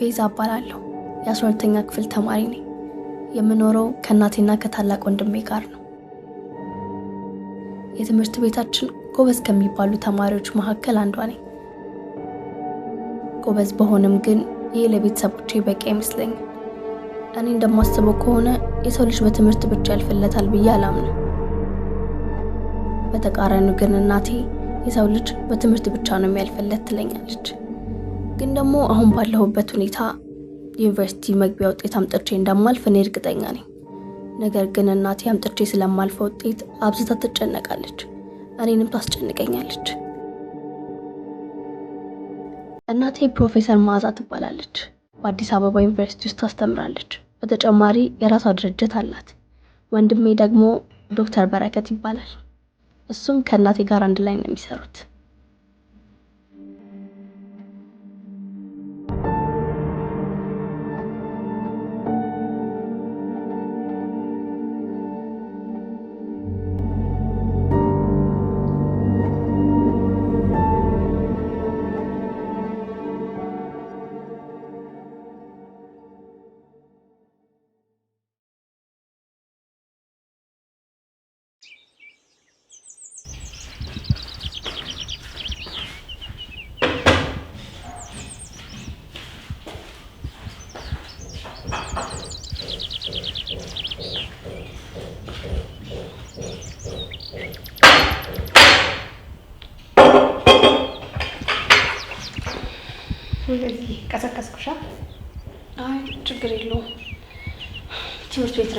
ቤዛ እባላለሁ። የአስራሁለተኛ ክፍል ተማሪ ነኝ። የምኖረው ከእናቴና ከታላቅ ወንድሜ ጋር ነው። የትምህርት ቤታችን ጎበዝ ከሚባሉ ተማሪዎች መካከል አንዷ ነኝ። ጎበዝ በሆንም ግን ይህ ለቤተሰቦቼ በቂ አይመስለኝም። እኔ እንደማስበው ከሆነ የሰው ልጅ በትምህርት ብቻ ያልፍለታል ብዬ አላምንም። በተቃራኒው ግን እናቴ የሰው ልጅ በትምህርት ብቻ ነው የሚያልፍለት ትለኛለች። ግን ደግሞ አሁን ባለሁበት ሁኔታ ዩኒቨርሲቲ መግቢያ ውጤት አምጥቼ እንደማልፍ እኔ እርግጠኛ ነኝ። ነገር ግን እናቴ አምጥቼ ስለማልፈ ውጤት አብዝታ ትጨነቃለች፣ እኔንም ታስጨንቀኛለች። እናቴ ፕሮፌሰር መዓዛ ትባላለች። በአዲስ አበባ ዩኒቨርሲቲ ውስጥ ታስተምራለች። በተጨማሪ የራሷ ድርጅት አላት። ወንድሜ ደግሞ ዶክተር በረከት ይባላል። እሱም ከእናቴ ጋር አንድ ላይ ነው የሚሰሩት።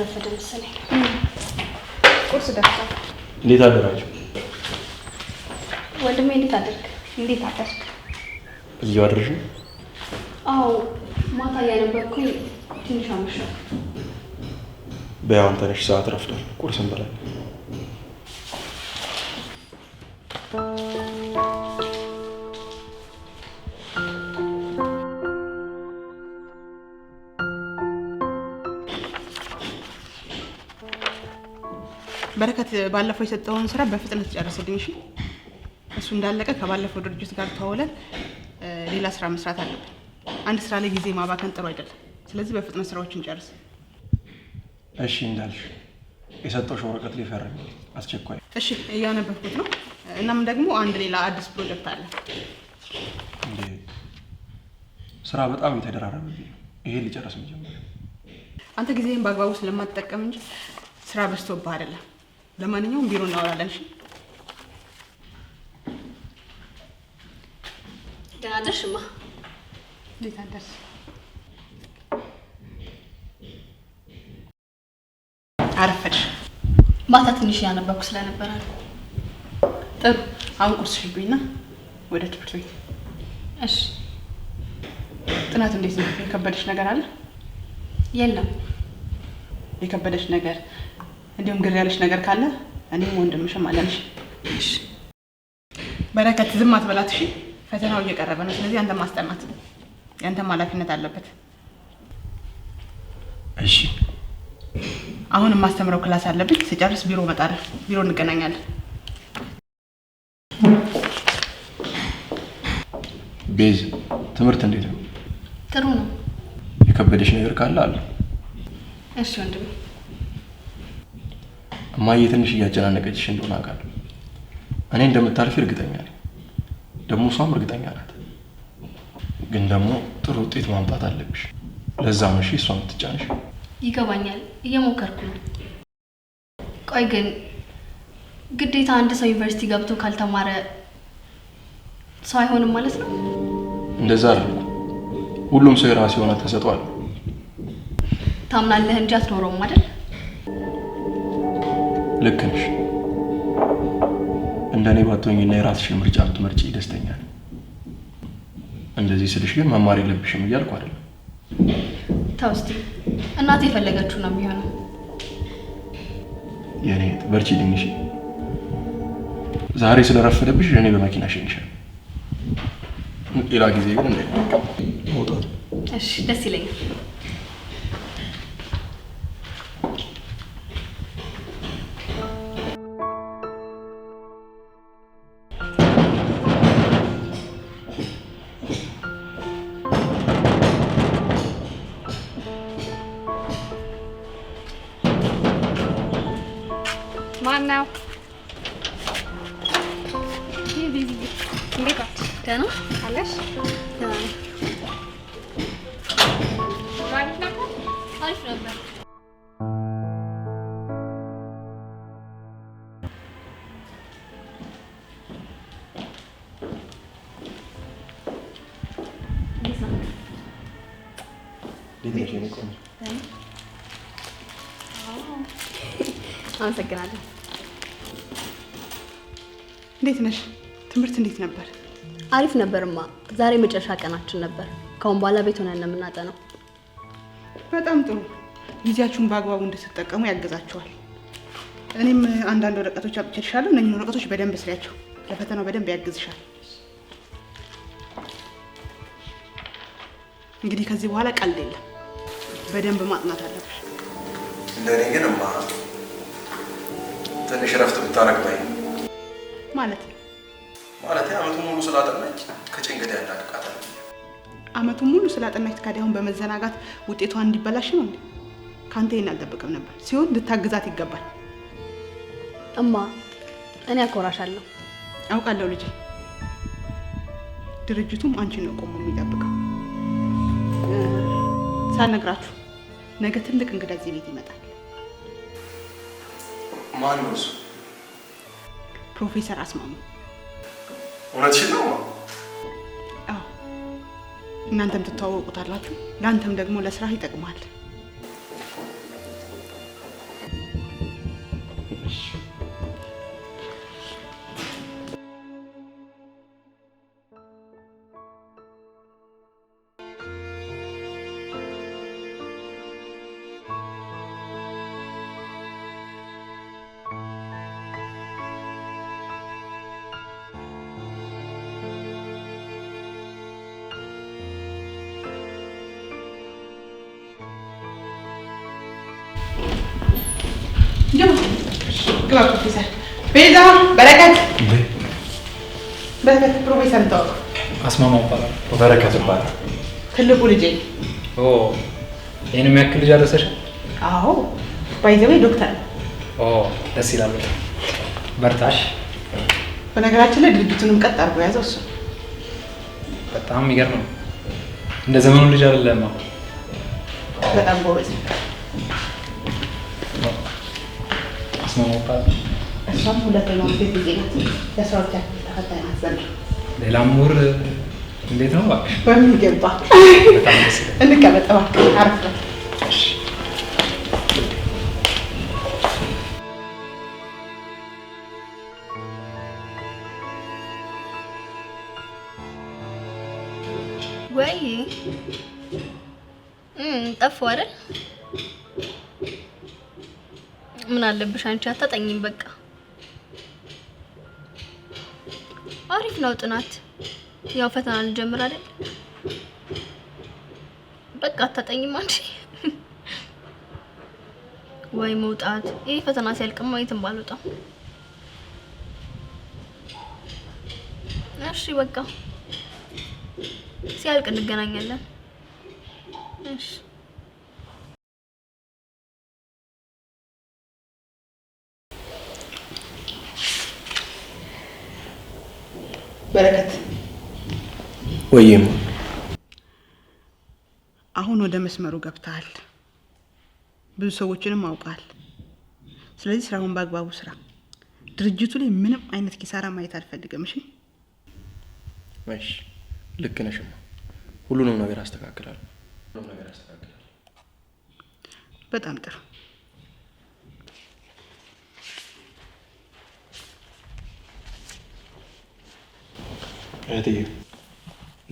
ረፈደ መሰለኝ። ቁርስ ደርሷል። እንዴት አደራችሁ ወንድሜ? እንዴት አደርግ እንዴት አደርግ እዚሁ አድርሽ። አዎ ማታ እያነበብኩኝ ትንሽ አመሻ። በይ አሁን ተነሽ፣ ሰዓት ረፍዷል። ቁርስ እንበላለን። ባለፈው የሰጠውን ስራ በፍጥነት ጨርስልኝ። እሺ፣ እሱ እንዳለቀ ከባለፈው ድርጅት ጋር ተዋውለን ሌላ ስራ መስራት አለብን። አንድ ስራ ላይ ጊዜ ማባከን ጥሩ አይደለም። ስለዚህ በፍጥነት ስራዎችን ጨርስ። እሺ፣ እንዳልሽ የሰጠሽ ወረቀት ሊፈርም አስቸኳይ። እሺ፣ እያነበብኩት ነው። እናም ደግሞ አንድ ሌላ አዲስ ፕሮጀክት አለ። ስራ በጣም የተደራረበ ይሄ ሊጨረስ መጀመሪያ አንተ ጊዜህን በአግባቡ ስለማትጠቀም እንጂ ስራ በዝቶብህ አይደለም። ለማንኛውም ቢሮ እናወራለን። እሺ ደህና ደርሽ እንዴት አደርሽ? አረፈድሽ? ማታ ትንሽ ያነበብኩ ስለነበረ ጥሩ። አሁን ቁርስ ሽብኝና ወደ ትምህርት ቤት። እሺ። ጥናት እንዴት ነው? የከበደሽ ነገር አለ? የለም። የከበደሽ ነገር እንዲሁም ግር ያለሽ ነገር ካለ እኔም ወንድምሽም አለንሽ። በረከት ዝም አትበላት። እሺ ፈተናው እየቀረበ ነው። ስለዚህ አንተ ማስጠናት ያንተም ኃላፊነት አለበት። እሺ አሁን የማስተምረው ክላስ አለብኝ። ስጨርስ ቢሮ እመጣለሁ። ቢሮ እንገናኛለን። ቤዝ ትምህርት እንዴት ነው? ጥሩ ነው። የከበደሽ ነገር ካለ አለ። እሺ ወንድም እማዬ ትንሽ እያጨናነቀችሽ እንደሆነ አውቃለሁ። እኔ እንደምታልፊ እርግጠኛ ነኝ። ደግሞ እሷም እርግጠኛ ናት። ግን ደግሞ ጥሩ ውጤት ማምጣት አለብሽ። ለዛ ነው እሷ የምትጫንሽ። ይገባኛል፣ እየሞከርኩ ነው። ቆይ ግን ግዴታ አንድ ሰው ዩኒቨርሲቲ ገብቶ ካልተማረ ሰው አይሆንም ማለት ነው? እንደዛ አይደለም። ሁሉም ሰው የራሱ የሆነ ተሰጥኦ ታምናለህ እንጂ አትኖረውም አይደል? ልክ ነሽ። እንደ እኔ ባትሆኝና የራስሽን ምርጫ ብትመርጪ ይደስተኛል። እንደዚህ ስልሽ ግን መማር የለብሽም እያልኩ አይደለም። ተው እስኪ እናቴ የፈለገችው ነው የሚሆነው። የእኔ በርቺ ድንሽ። ዛሬ ስለረፈደብሽ እኔ በመኪና እሸኝሻለሁ። ሌላ ጊዜ ግን እንደ መውጣት። እሺ፣ ደስ ይለኛል። ማነው? እንዴት ናት? ደህና አለሽ? አሪፍ ነበር። አመሰግናለሁ። እንዴት ነሽ? ትምህርት እንዴት ነበር? አሪፍ ነበርማ። ዛሬ መጨረሻ ቀናችን ነበር። ከአሁን በኋላ ቤት ሆነን የምናጠነው። በጣም ጥሩ። ጊዜያችሁን በአግባቡ እንድትጠቀሙ ያግዛችኋል። እኔም አንዳንድ ወረቀቶች አጥቼልሻለሁ። እነኝህን ወረቀቶች በደንብ ስሪያቸው። ለፈተናው በደንብ ያግዝሻል። እንግዲህ ከዚህ በኋላ ቀልድ የለም። በደንብ ማጥናት አለብሽ። እንደኔ ግን ትንሽ ረፍት ብታረግ ባይ ማለት ነው። ማለት አመቱን ሙሉ ስላጠናች ከጭንቀት ያላቅቃታል። አመቱን ሙሉ ስላጠናች ታዲያሁን በመዘናጋት ውጤቷን እንዲበላሽ ነው እንዴ? ከአንተ ይህን አልጠብቅም ነበር። ሲሆን ልታግዛት ይገባል። እማ እኔ አኮራሻለሁ። አውቃለሁ ልጄ። ድርጅቱም አንቺን ነው ቆሞ የሚጠብቀው። ሳነግራችሁ ነገ ትልቅ እንግዳ እዚህ ቤት ይመጣል። ማን ነው እሱ? ፕሮፌሰር አስማሙ። እውነትሽን ነው? እናንተም ትተዋወቁታላችሁ፣ ለአንተም ደግሞ ለስራህ ይጠቅማል። ግባ ፕሮፌሰር ቤዛ በረከት በረከት ፕሮፌሰር ተወቅ አስማማው ይባላል። በረከት ይባላል። ትልቁ ልጄ። ኦ የሚያክል ልጅ አለሰሽ? አዎ ባይዘዌ ዶክተር። ኦ ደስ ይላል። በርታሽ። በነገራችን ላይ ድርጅቱንም ቀጥ አድርጎ የያዘው እሱ። በጣም የሚገርም ነው። እንደ ዘመኑ ልጅ አይደለም። በጣም ጎበዝ እሷም ሁለተኛው ሴት ልጄ ናት። የአስራ ሁለት ተፈታኝ ናት ዘንድሮ። ሌላ ምሁር እንዴት ነው? በሚገባ እንቀመጥ እባክህ። አረፍ ወይ ጠፉ አይደል? ምን አለብሽ አንቺ አታጠኝም። በቃ አሪፍ ነው ጥናት። ያው ፈተና ልጀምር አይደል? በቃ አታጠኝም አንቺ ወይ መውጣት። ይሄ ፈተና ሲያልቅማ የትም ባልወጣም። እሺ በቃ ሲያልቅ እንገናኛለን። እሺ በረከት ወይም አሁን ወደ መስመሩ ገብተሃል። ብዙ ሰዎችንም አውቃል። ስለዚህ ስራውን በአግባቡ ስራ። ድርጅቱ ላይ ምንም አይነት ኪሳራ ማየት አልፈልግም። እሺ እሺ፣ ልክ ነሽማ። ሁሉንም ነገር አስተካክላል በጣም ጥሩ እህትዬ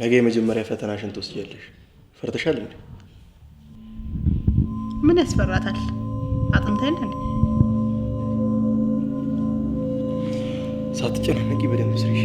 ነገ የመጀመሪያ ፈተናሽን ትወስጃለሽ። ፈርተሻል እንዴ? ምን ያስፈራታል? አጥምታ ይለን ሳትጨናነቂ በደንብ ስሪሽ።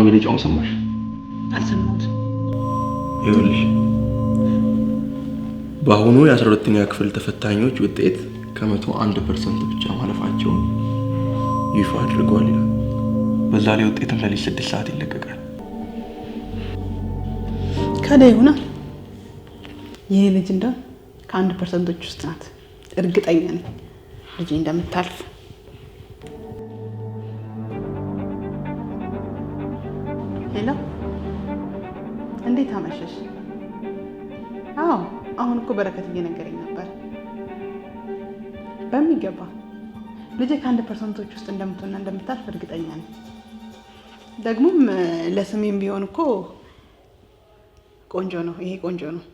መግለጫውን ሰማሽ? አልሰማሁትም። ይኸውልሽ በአሁኑ የአስራ ሁለተኛ ክፍል ተፈታኞች ውጤት ከመቶ አንድ ፐርሰንት ብቻ ማለፋቸውን ይፋ አድርጓል ይላል። በዛ ላይ ውጤትም ለሊት ስድስት ሰዓት ይለቀቃል። ከደ ይሁና ይህ ልጅ እንደ ከአንድ ፐርሰንቶች ውስጥ ናት። እርግጠኛ ነኝ ልጅ እንደምታልፍ በረከት እየነገረኝ ነበር። በሚገባ ልጄ ከአንድ ፐርሰንቶች ውስጥ እንደምትሆንና እንደምታልፍ እርግጠኛ ነኝ። ደግሞም ለስሜም ቢሆን እኮ ቆንጆ ነው። ይሄ ቆንጆ ነው።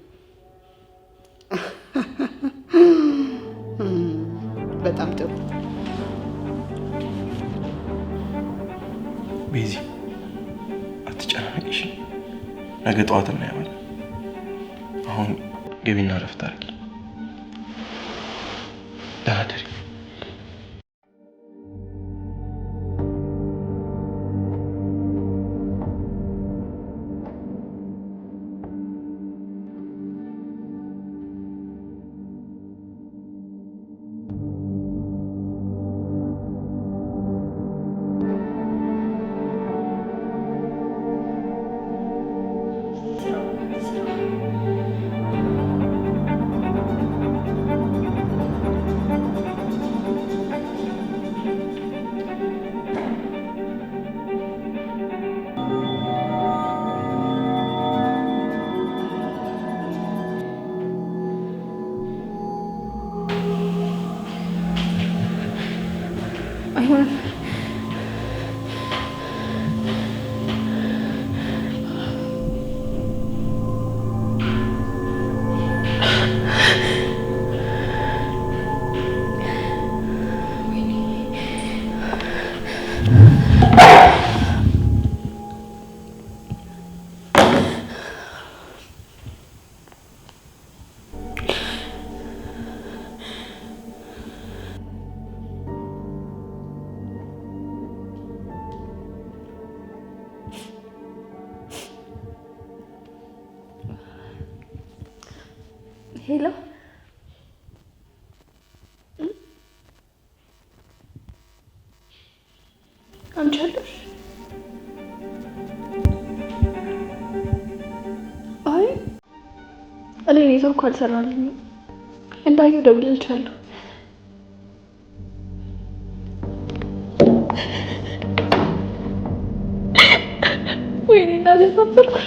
በጣም ጥሩ ቤዚ፣ አትጨናነቂሽ። ነገ ጠዋት እናየው። ببین نرفتار አንቺ አለሽ። አይ ሌኔዘር እኮ አልሰራልኝም። እንዳየው ደውል ወይኔ ወይኔ እናዘፈበርኩሽ